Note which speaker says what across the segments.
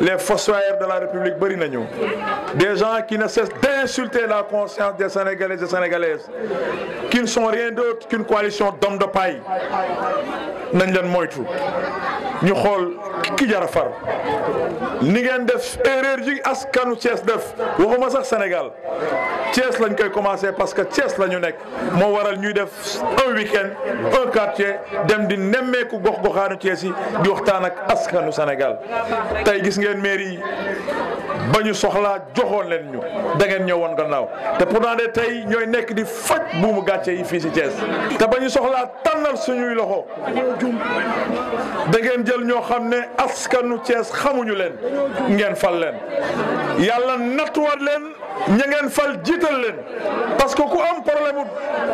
Speaker 1: les fossoyeurs de la République bëri nañu des gens qui ne cessent d'insulter la conscience des Sénégalais et des Sénégalaises qui ne sont rien d'autre qu'une coalition d'hommes de paille nañ leen moytu ñu xool ki jar a far ni ngeen def erreur yi askanu Thiès def waxuma Sénégal Thiès lañ koy commencé parce que Thiès la ñu nekk moo waral ñuy def un week-end un quartier dem di nemmeeku gox-goxaanu Thiès yi di waxtaan ak askanu senegal tey gis ngeen mairie yi ba ñu soxlaa joxoon leen ñu da ngeen ñëwoon gannaaw te naa de tey ñooy nekk di faj buumu gàcce yi fii si Thiès te ba ñu soxlaa tànnal suñuy loxo da ngeen jël ñoo xam ne askanu Thiès xamuñu leen ngeen fal leen yàlla nattuwaat leen ña ngeen fal jiit jiital leen parce que ku am problème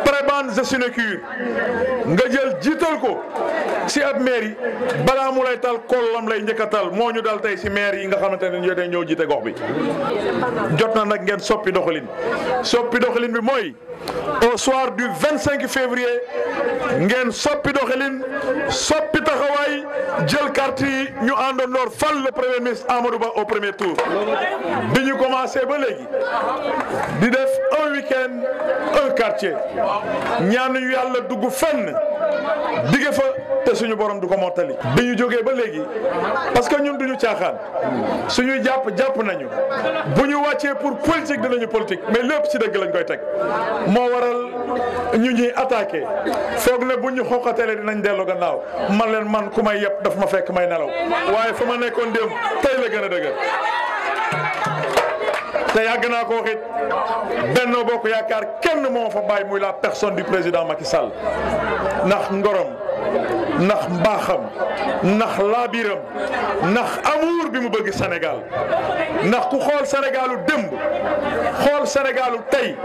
Speaker 1: prébende de sinécure nga jël jiital ko si ab maire yi balaa mu lay tal kollam lay njëkk taal moo ñu dal tey si maire yi nga xamante ne ñoo ñëw jiite gox bi jot na nag ngeen soppi doxalin soppi doxalin bi mooy au soir du 25 février ngeen soppi doxalin soppi taxawaay jël carte yi ñu àndandoor fal le premier ministre Amadou Ba au premier tour bi ñu commencé ba léegi def un week-end un quartier ñaanuñu yàlla dugg fenn dige fa te suñu borom du ko mottali bi jóge ba léegi parce que ñun duñu caaxaan suñuy jàpp jàpp nañu bu ñu wàccee pour politique dinañu politique mais lépp ci dëgg lañ koy teg moo waral ñu ñuy attaqué foog ne bu ñu xoqatelee dinañ dellu gannaaw man leen man ku may yëpp daf ma fekk may nelaw waaye fa ma nekkoon démb tey la gën a dëgër te yàgg naa ko waxit Benno Bokk Yaakaar kenn moo fa bàyyi muy la personne du président Macky Sall ndax ngorom ndax mbaaxam ndax laabiram ndax amour bi mu bëgg Sénégal ndax ku xool Sénégalu démb xool Sénégalu tey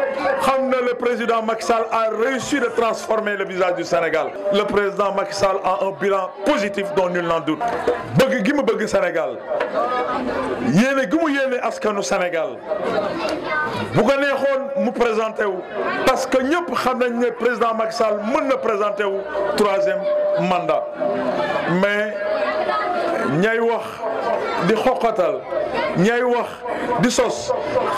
Speaker 1: xam na le président Macky Sall a réussi de transformer le visage du Sénégal le président Macky Sall a un bilan positif dont nul n'en doute bëgg gi mu bëgg Sénégal dimbale askanu Sénégal bu ko neexoon mu présenté wu parce que ñëpp xam nañ ne président Macky Sall mën na présenté wu troisième mandat mais ñay wax di xoqatal ñay wax di sos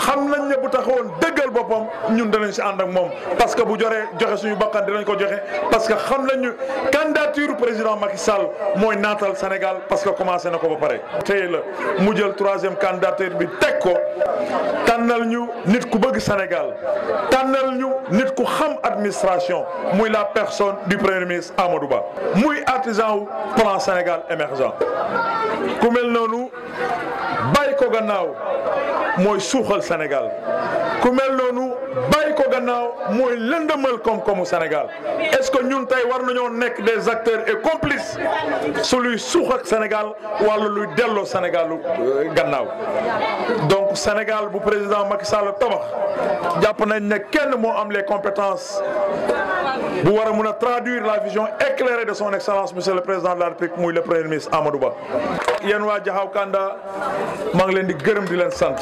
Speaker 1: xam nañ ne bu taxawoon dëggal boppam ñun danañ si ànd ak moom parce que bu joree joxe suñu bakkan dinañ ko joxe parce que xam nañu candidature président Macky Sall mooy naatal Sénégal parce que commencé na ko ba pare. tey la mu jël troisième candidature bi teg ko tànnal ñu nit ku bëgg Sénégal tànnal ñu nit ku xam administration muy la personne du premier ministre Amadou Ba muy artisan wu plan Sénégal émergent ku mel noonu. ko gannaaw mooy suuxal Sénégal ku mel noonu bàyyi ko gannaaw mooy lëndëmal koom-koomu Sénégal est-ce que ñun tey war nañoo nekk des acteurs et complices su luy suux ak Sénégal wala luy delloo Sénégal euh, gannaaw donc Sénégal bu président Macky Sall tabax jàpp nañ ne kenn moo am les compétences bu war a mun a traduire la vision éclairée de son excellence monsieur le président de la république muy le premier ministre Amadou Ba. yéen waa Jaxaw Kanda maa ngi leen di gërëm di leen sant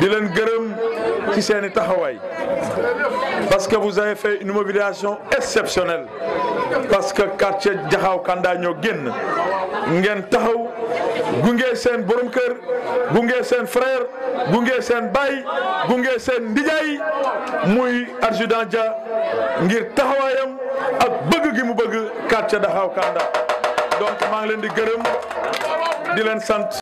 Speaker 1: di leen gërëm ci seen i taxawaay parce que vous avez fait une mobilisation exceptionnelle parce que quartier Jaxaw Kanda ñoo génn ngeen taxaw. gunge seen borom kër gunge seen frère gunge seen baay gunge seen ndijaay muy adjudant Dia ngir taxawaayam ak bëgg gi mu bëgg quartier Daxaw Kanda donc maa ngi leen di gërëm di leen sant.